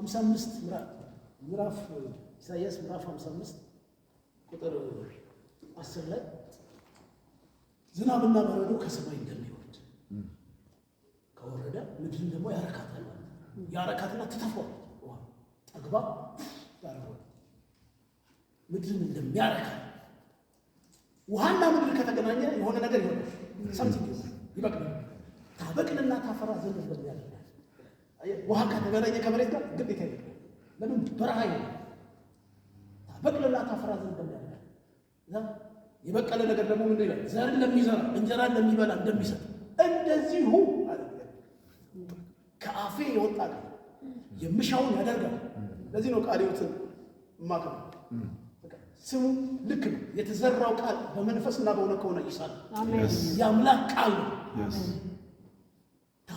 ሀምሳ አምስት ምዕራፍ ኢሳያስ ምዕራፍ ቁጥር ላይ ዝናብና በረዶ ከሰማይ እንደሚወርድ ከወረደ ምድርን ደግሞ ያረካታል ያረካትና ጠግባ ምድርን እንደሚያረካ ውሃና ምድር ከተገናኘ የሆነ ነገር ይሆናል ሰምት ይበቅላል ታበቅልና ታፈራ ዘንድ እንደሚያደርጋል ውሃ ከተገናኘ ከመሬት ጋር ግዴታ ይል ለምን በረሃ ይ በቅለላ ታፈራ ዘንድ እንደሚያደርግ የበቀለ ነገር ደግሞ ምን ይላል? ዘር እንደሚዘራ እንጀራ እንደሚበላ እንደሚሰጥ እንደዚሁ ከአፌ የወጣ ቃል የምሻውን ያደርጋል። ለዚህ ነው ቃል ሕይወትን ማከም ስሙ ልክ ነው። የተዘራው ቃል በመንፈስና በእውነት ከሆነ ይሳል። የአምላክ ቃል ነው።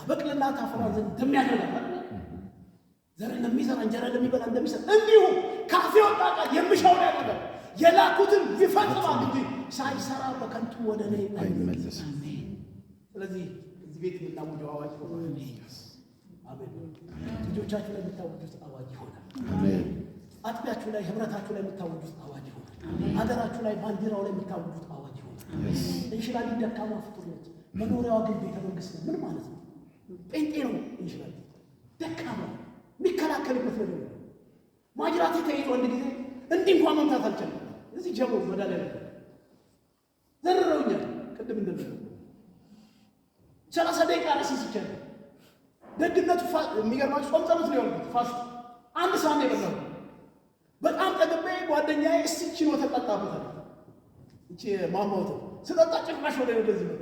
በቅልና ታፈራ ዘንድ እንደሚያደርጋል ዘር እንደሚዘራ እንጀራ እንደሚበላ እንደሚሰጥ እንዲሁ ካፌ ወጣ ቃል የምሻውን ያደርጋል የላኩትን ይፈጽማል እንጂ ሳይሰራ በከንቱ ወደ እኔ አይመለስም። ስለዚህ እዚህ ቤት የምናውጀው አዋጅ ሆኗል። ልጆቻችሁ ላይ የምታውጁት አዋጅ ይሆናል። አጥቢያችሁ ላይ ህብረታችሁ ላይ የምታውጁት አዋጅ ይሆናል። ሀገራችሁ ላይ ባንዲራው ላይ የምታውጁት አዋጅ ይሆናል። እንሽላሊ ደካማ ፍጡር መኖሪያዋ ግን ቤተ መንግስት ምን ማለት ነው? ጴንጤ ነው እንችላል። ደካማ የሚከላከልበት ነገር ነው። ማጅራት ተይዞ አንድ ጊዜ እንዲህ እንኳን መምታት አልቻለም። እዚህ ጀሞ መዳሊያ ላይ ዘርረውኛል። ቅድም እንደምለ ሰላሳ ደቂቃ ረስ ይችላል። ደግነቱ የሚገርማችሁ ጾም ጸሎት ነው ያሉት ፋስት አንድ ነው የበላው በጣም ጠግቤ ጓደኛዬ እስቺ ነው ተጠጣበታል። እቺ ማማውተ ስጠጣ ጭቅማሽ ወደ ወደዚህ ነው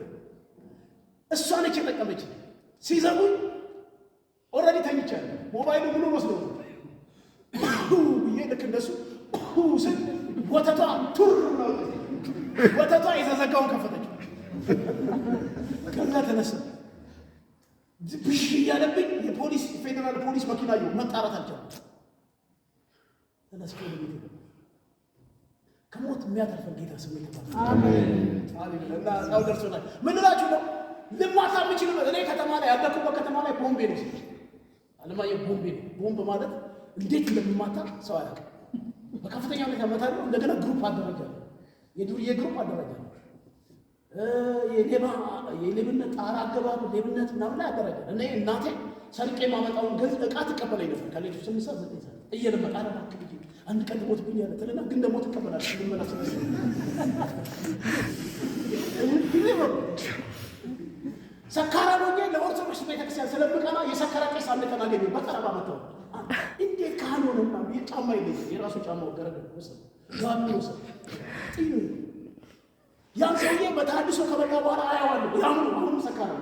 እሷ ነች የጠቀመችኝ። ሲዘጉኝ ኦልሬዲ ተኝቻለሁ። ሞባይሉ ሙሉ ወስዶ ብዬ ልክ እንደሱ ስል ወተቷ ቱር ወተቷ የተዘጋውን ከፈተችው። ከዛ ተነሳ ብሽ እያለብኝ የፖሊስ ፌዴራል ፖሊስ መኪና የ መጣራት አልቻለም። ተነስቶ ከሞት የሚያተርፈን ጌታ ስሙ የተባለ እና ደርሶናል። ነው ልማታ የምችል እኔ ከተማ ላይ ያለኩበት ከተማ ላይ ቦምቤ ነው። አለማየሁ ቦምቤ ነው። ቦምብ ማለት እንዴት እንደሚማታ ሰው አያውቅም። በከፍተኛ ሁኔታ መታለ። እንደገና ግሩፕ አደረጃ የዱርዬ ግሩፕ አደረጃ የሌባ የሌብነት ጣራ አገባብ ሌብነት ምናምን ላይ አደረጃ እኔ እናቴ ሰርቄ ማመጣውን ገንዘብ እቃ ትቀበለኝ ነበር። ከሌቱ ስምሳ ዘጠኝ ሰዓት እየለመጣ ረባክ ብ አንድ ቀን ሞት ብኝ ያለ ትልና ግን ደግሞ ትቀበላለች ልመና ስመስ ሰካራ ሆኜ ለኦርቶዶክስ ቤተክርስቲያን ስለምቀና የሰከረ ቄስ አንተን አገኘ። በጠረባ መተው እንዴት ካህል ሆነና ጫማ ይገኝ የራሱ ጫማ ወገረገ ወሰድ ዋሚ ወሰድ ያም ሰውዬ በተሐድሶ ከበላ በኋላ አያዋለሁ። ያምኑ አሁኑ ነው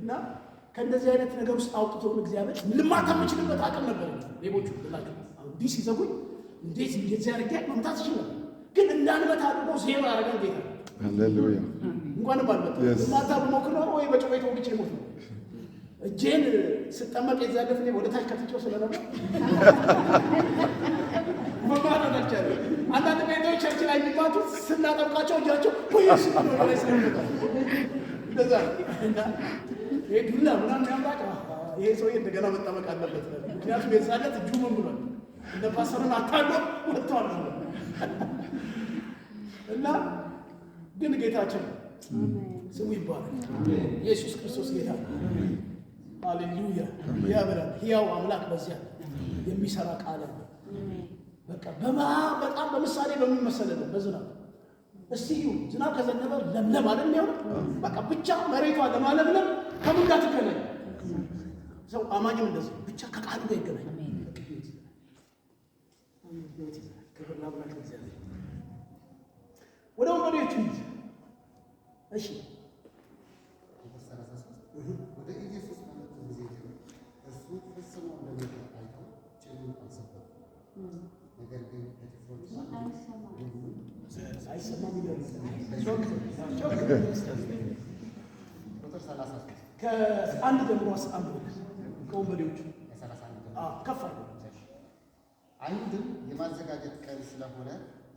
እና ከእንደዚህ አይነት ነገር ውስጥ አውጥቶን እግዚአብሔር ልማት የምችልበት አቅም ነበር። ሌቦቹ ላቸው ዲስ ይዘጉኝ እንዴት እንደዚህ አድርጌ መምታት ይችላል ግን እንዳንመታ አድርጎ ዜማ አረገ ጌታ ሃሌሉያ። እንኳን ባልመጣ ማታ ብሞክር ወይ በጨቤት ወግጭ ሞት ነው። እጄን ስጠመቅ የዛገፍ እኔ ወደ ታች ከትቼው ስለነበር መማረናቻለ አንዳንድ ቤቶቻችን ላይ የሚማቱት ስናጠብቃቸው እጃቸው ወይስ ላይ ስለሚመጣ እንደዛ ይሄ ዱላ ምናምን ያምራቅ ይሄ ሰውዬ እንደገና መጠመቅ አለበት። ምክንያቱም የዛለት እጁ መምሏል እነ ፓስተሩን አታሎ ነው እና ግን ጌታችን ስሙ ይባላል። ኢየሱስ ክርስቶስ ጌታ አሌሉያ። ያበራል ሕያው አምላክ በዚያ የሚሰራ ቃል ነው። በቃ በማ በጣም በምሳሌ በሚመሰለ ነው። በዝናብ እስቲ ዝናብ ከዘነበ ለምለም አይደል የሚሆነው? በቃ ብቻ መሬቷ ለማለምለም ከምን ጋር ትገናኝ? ሰው አማኝም እንደዚህ ብቻ ከቃሉ ጋር ይገናኛል። ህይወት ክብር ለአምላክ እግዚአብሔር። ወደ ወንበዴዎቹ ይዘ እሺ ከአንድ ጀምሮ አንድ ከወንበዴዎቹ ከፍ አለ አይሁድም የማዘጋጀት ቀን ስለሆነ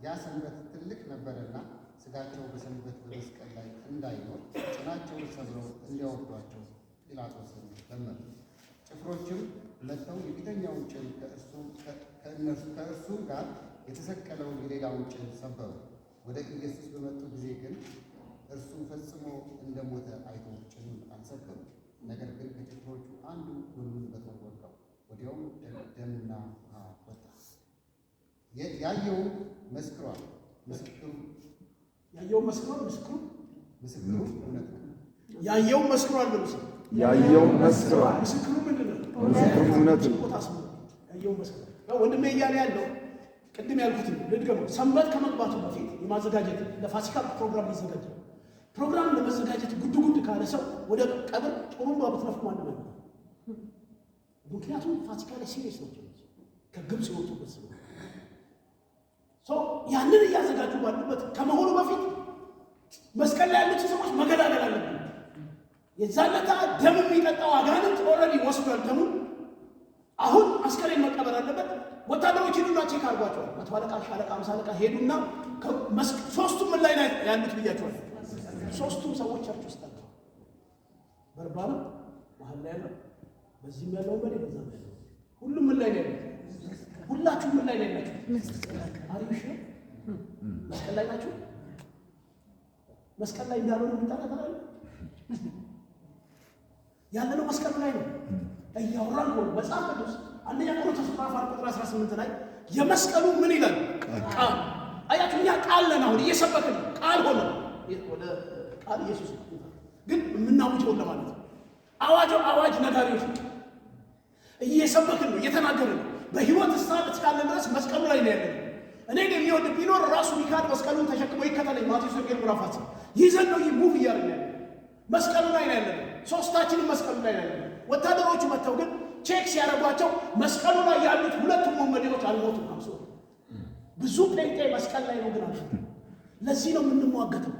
ያ ሰንበት ትልቅ ነበረና ስጋቸው በሰንበት በመስቀል ላይ እንዳይኖር ጭናቸውን ሰብረው እንዲያወርዷቸው ጲላጦስን ለመኑ። ጭፍሮችም መጥተው የፊተኛውን ጭን ከእርሱ ጋር የተሰቀለውን የሌላውን ጭን ሰበሩ። ወደ ኢየሱስ በመጡ ጊዜ ግን እርሱ ፈጽሞ እንደሞተ አይቶ ጭኑን አልሰበሩ። ነገር ግን ከጭፍሮቹ አንዱ ጎኑን በጦር ወጋው። ወዲያውም ደምና ውሃ ወጣ። ያየው መስክሯል። ምስክሩ ያየው መስክሯል። ምስክሩ ምስክሩ እውነት ነው። ያየው መስክሯል። ለምሳሌ ያየው መስክሯል። ምስክሩ ምንድን ነው? ምስክሩ እውነት ነው። ያየው መስክሯል። ወንድሜ እያለ ያለው ቅድም ያልኩት ልድገመው። ሰንበት ከመግባቱ በፊት የማዘጋጀት ለፋሲካ ፕሮግራም መዘጋጀት ፕሮግራም ለመዘጋጀት ጉድ ጉድ ካለ ሰው ወደ ቀብር ጥሩምባ ብትነፍቁ ማንም ነው? ምክንያቱም ፋሲካ ላይ ሲሪየስ ናቸው። ከግብፅ የወጡበት ስለሆነ ያንን እያዘጋጁ ባሉበት ከመሆኑ በፊት መስቀል ላይ ያለች ሰዎች መገዳደል አለብን። የዛለታ ደም የሚጠጣው አጋንንት ኦልሬዲ ወስዷል ደሙ። አሁን አስከሬን መቀበር አለበት። ወታደሮች ሄዱና ቼክ አርጓቸዋል። መቶ አለቃ፣ ሻለቃ፣ አምሳ አለቃ ሄዱና ሶስቱም ምን ላይ ያሉት ብያቸዋል። ሶስቱም ሰዎች ቸርች ውስጥ ስታቸው በርባሉ መሀል ላይ ያለው በዚህም ያለው በ በዛ ሁሉም ምን ላይ ነው ያሉት ሁላችሁ ምን ላይ ናችሁ? አሪፍ ነው። መስቀል ላይ ናችሁ። መስቀል ላይ እንዳልሆነ ምታታታላለ ያለ ነው። መስቀል ላይ ነው እያወራን ከሆነ መጽሐፍ ቅዱስ አንደኛ ቆሮንቶስ ምዕራፍ አራት ቁጥር 18 ላይ የመስቀሉ ምን ይላል? ቃል አያችሁ። እኛ ቃል ነን። አሁን እየሰበክን ቃል ሆነ ወደ ቃል ኢየሱስ ግን የምናውጀውን ለማለት ነው። አዋጅ አዋጅ ነጋሪዎች እየሰበክን ነው፣ እየተናገርን ነው በህይወት እስካለ እስካለ ድረስ መስቀሉ ላይ ነው ያለው። እኔ ግን የሚወድ ቢኖር ራሱ ቢካድ መስቀሉን ተሸክሞ ይከተለኝ። ማቴዎስ ወንጌል ምዕራፍ አስር ይዘን ነው ይህ ሙቭ እያደረግን ያለ መስቀሉ ላይ ነው ያለ። ሶስታችንም መስቀሉ ላይ ነው ያለ። ወታደሮቹ መጥተው ግን ቼክ ሲያደርጓቸው መስቀሉ ላይ ያሉት ሁለቱም ወንበዴዎች አልሞቱም። አምሶ ብዙ ጴንጤ መስቀል ላይ ነው ግን አለ። ለዚህ ነው የምንሟገተው፣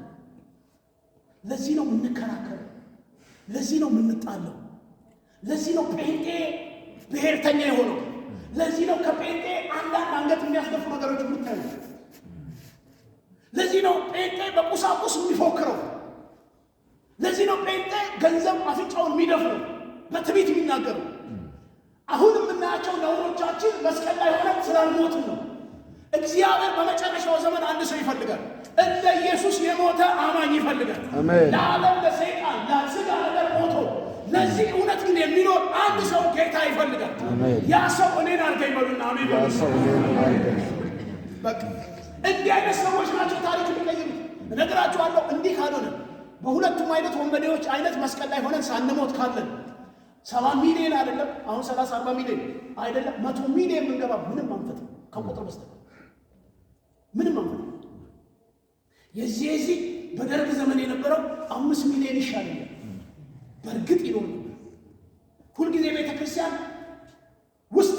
ለዚህ ነው የምንከራከረው፣ ለዚህ ነው የምንጣለው፣ ለዚህ ነው ጴንጤ ብሔርተኛ የሆነው። ለዚህ ነው ከጴንጤ አንዳንድ አንገት የሚያስደፉ ነገሮች የምታዩ። ለዚህ ነው ጴንጤ በቁሳቁስ የሚፎክረው። ለዚህ ነው ጴንጤ ገንዘብ አፍንጫውን የሚደፍነው፣ በትቢት የሚናገሩ አሁን የምናያቸው ነውሮቻችን መስቀል ላይ ሆነ ስላልሞትን ነው። እግዚአብሔር በመጨረሻው ዘመን አንድ ሰው ይፈልጋል። እንደ ኢየሱስ የሞተ አማኝ ይፈልጋል። አሜን። የሚኖር አንድ ሰው ጌታ ይፈልጋል። ያ ሰው እኔን አድርገኝ በሉና አሜን በሉ። እንዲህ አይነት ሰዎች ናቸው ታሪክ የሚቀይሩት። እነግራችኋለሁ። እንዲህ ካልሆነ በሁለቱም አይነት ወንበዴዎች አይነት መስቀል ላይ ሆነን ሳንሞት ካለን ሰባ ሚሊዮን አይደለም አሁን ሰላሳ አርባ ሚሊዮን አይደለም መቶ ሚሊዮን ብንገባ ምንም አንፈት ከቁጥር በስተቀር ምንም አንፈት። የዚህ የዚህ በደርግ ዘመን የነበረው አምስት ሚሊዮን ይሻለኛል በእርግጥ ይኖር ሁልጊዜ ቤተ ክርስቲያን ውስጥ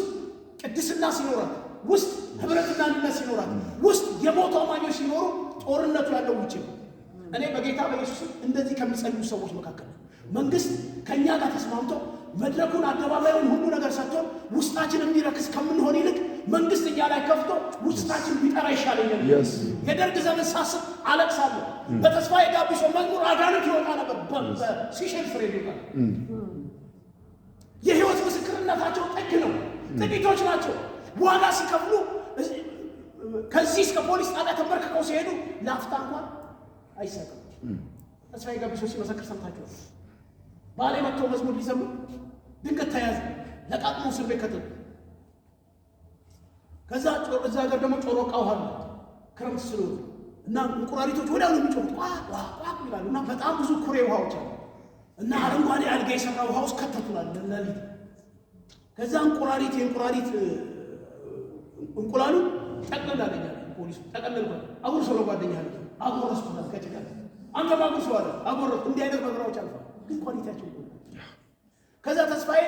ቅድስና ሲኖራት፣ ውስጥ ህብረትና አንድነት ሲኖራት፣ ውስጥ የሞቱ አማኞች ሲኖሩ ጦርነቱ ያለው ውጭ ነው። እኔ በጌታ በኢየሱስ እንደዚህ ከሚጸኙ ሰዎች መካከል ነው። መንግስት ከእኛ ጋር ተስማምቶ መድረኩን አደባባዩን ሁሉ ነገር ሰጥቶን ውስጣችን የሚረክስ ከምንሆን ይልቅ መንግስት እኛ ላይ ከፍቶ ውስጣችን ቢጠራ ይሻለኛል። የደርግ ዘመን ሳስብ አለቅሳለሁ። በተስፋ የጋቢሶ መዝሙር አጋንንት ይወጣ ነበር፣ ሲሸል ፍሬ ይወጣል። የህይወት ምስክርነታቸው ጥግ ነው። ጥቂቶች ናቸው። ዋጋ ሲከፍሉ ከዚህ እስከ ፖሊስ ጣቢያ ተንበርክከው ሲሄዱ ላፍታ እንኳን አይሰጥም። ተስፋዬ ጋቢሶ ሲመሰክር ሰምታችኋል። ባሌ መጥቶ መዝሙር ሊዘምር ድንገት ተያዘ። ለቃቅሞ እስር ቤት ከተቱ። ከዛ እዛ ሀገር ደግሞ ጮሮ ቃውሃሉ ክረምት ስለሆነ እና እንቁራሪቶች ነው የሚጮሩት ቋ ይላሉ እና በጣም ብዙ ኩሬ ውሃዎች አሉ እና አረንጓዴ አልጋ የሰራ ውሃ ውስጥ ከተቱናል። ለሊት ከዛ እንቁራሪት የእንቁራሪት እንቁላሉ ጠቅልል አገኛለ ፖሊሱ ጠቀለል አጉር ሰሎ ለጓደኛ ለ አጎረስኩናል። ከጭቃ አንተ ባጉር ሰው አለ እንዲህ አይነት መግባዎች አልፋ ግን ኳሊቲያቸው ከዛ ተስፋዬ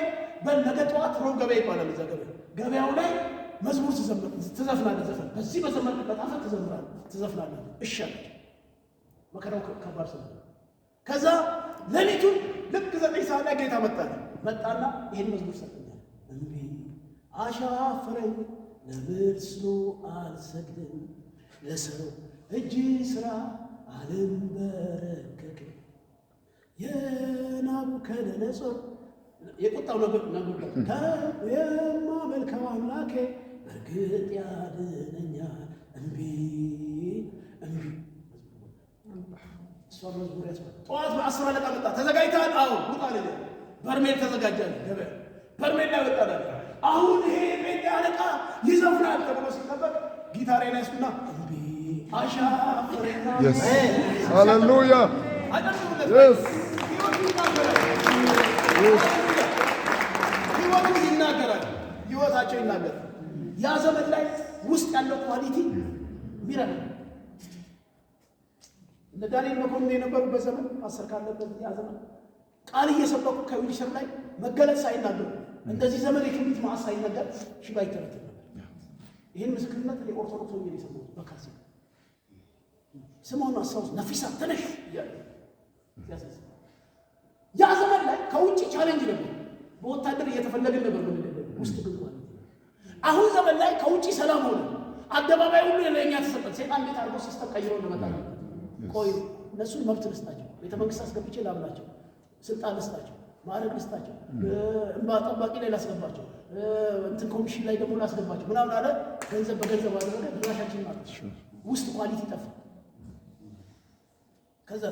በነገ ጠዋት ሮብ ገበያ ይባላል። እዛ ገበያ ገበያው ላይ መዝሙር ትዘፍናለህ። ዘፈን በዚህ በዘመን አፈር ትዘምራለህ፣ ትዘፍናለህ። እሻ መከራው ከባድ ስለ ከዛ ሌሊቱን ልክ ዘጠኝ ሰዓት ላይ ጌታ መጣ መጣና ይህን መዝሙር ሰጥኛል። አሻፈረኝ ለምስሉ አልሰግድም ለሰው እጅ ሥራ አልንበረከክም የናቡከደነጾር የቁጣው ነገር ነጎድጓድ የማመልከው አምላኬ በእርግጥ ያድነኛል እምቢ እሷን መዝሙር ያስፈል ጠዋት በአስር አለቃ መጣ። ተዘጋጅተሃል? አዎ ውጣ ልጅ በርሜል ተዘጋጃል። ገበያ በርሜል ላይ ወጣ አሁን ይሄ የቤት አለቃ ይዘፍናል ተብሎ ሲጠበቅ ጊታሬን ያስኩና ሃሌሉያ ህይወቱ ይናገራል። ህይወታቸው ይናገራል። ያ ዘመን ላይ ውስጥ ያለው ኳሊቲ ሚረናል እነ ዳንኤል መኮንን የነበሩበት ዘመን ማሰር ካለበት ያ ዘመን ቃል እየሰበኩ ከዊልቸር ላይ መገለጽ ሳይናገሩ እንደዚህ ዘመን የክብሪት ማዕስ ሳይነገር ሽባ ይተረት ይህን ምስክርነት ኦርቶዶክስ ወንጌል የሰማሁት በካሲ ስምሆኑ አስታውስ ነፊሳ ተነሽ ያ ዘመን ላይ ከውጭ ቻሌንጅ ነበር። በወታደር እየተፈለግን ነበር፣ ውስጥ ግን አሁን ዘመን ላይ ከውጭ ሰላም ሆነ። አደባባይ ሁሉ ለእኛ ተሰጠን። ሴጣን ቤት አድርጎ ሲስተም ቀይሮ እንደመጣ ቆይ እነሱ መብት ልስጣቸው፣ ቤተ መንግስት አስገብቼ ላብላቸው፣ ስልጣን ልስጣቸው፣ ማዕረግ ልስጣቸው፣ mm. እንባ ጠባቂ ላይ ላስገባቸው፣ እንትን ኮሚሽን ላይ ደግሞ ላስገባቸው ምናምን አለ። ገንዘብ በገንዘብ አደረገ። ድራሻችን ማለት ውስጥ ኳሊቲ ጠፋ። ከዛ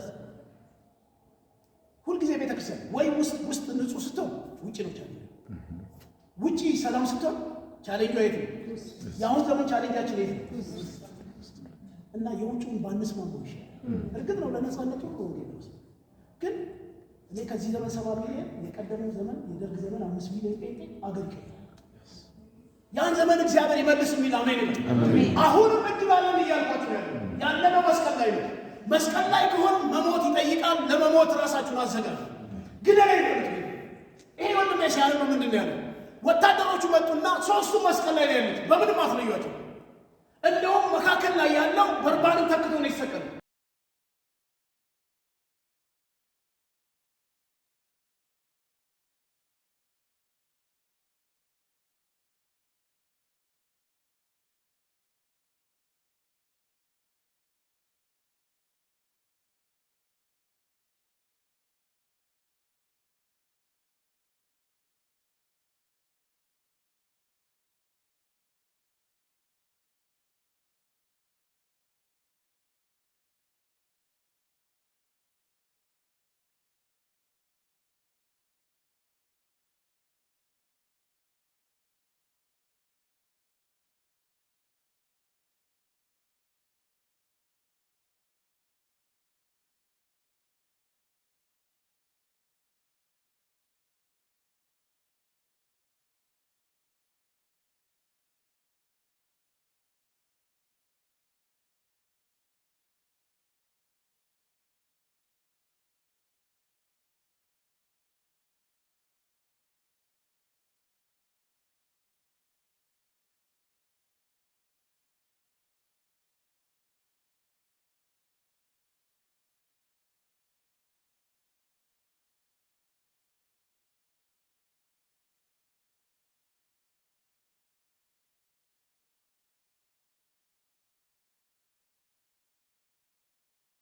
ሁልጊዜ ቤተክርስቲያን ወይ ውስጥ ውስጥ ንጹህ ስትሆን ውጭ ነው ቻለ mm-hmm. ውጭ ሰላም ስትሆን ቻሌንጇ የት ነው? የአሁን ዘመን ቻሌንጃችን የት ነው? እና የውጭውን ባንስ ማንጎ እርግጥ ነው ለነፃነቱ ወንጌል ነው። ግን እኔ ከዚህ ዘመን ሰባ ሚሊዮን የቀደመው ዘመን የደርግ ዘመን አምስት ሚሊዮን ጴንጤ አገር ያን ዘመን እግዚአብሔር ይመልስ የሚል አሜን ነው። አሁንም እንድባለን እያልኳችሁ ያለ ያለነው መስቀል ላይ ነው። መስቀል ላይ ከሆን መሞት ይጠይቃል። ለመሞት ራሳችሁን አዘጋጁ። ግደላ ይነት ይሄ ወንድም ሲያለ ነው ምንድን ያለ ወታደሮቹ መጡና ሶስቱ መስቀል ላይ ነው ያሉት። በምንም አትለዩቸው። እንደውም መካከል ላይ ያለው በርባንን ተክቶ ነው ይሰቀሉ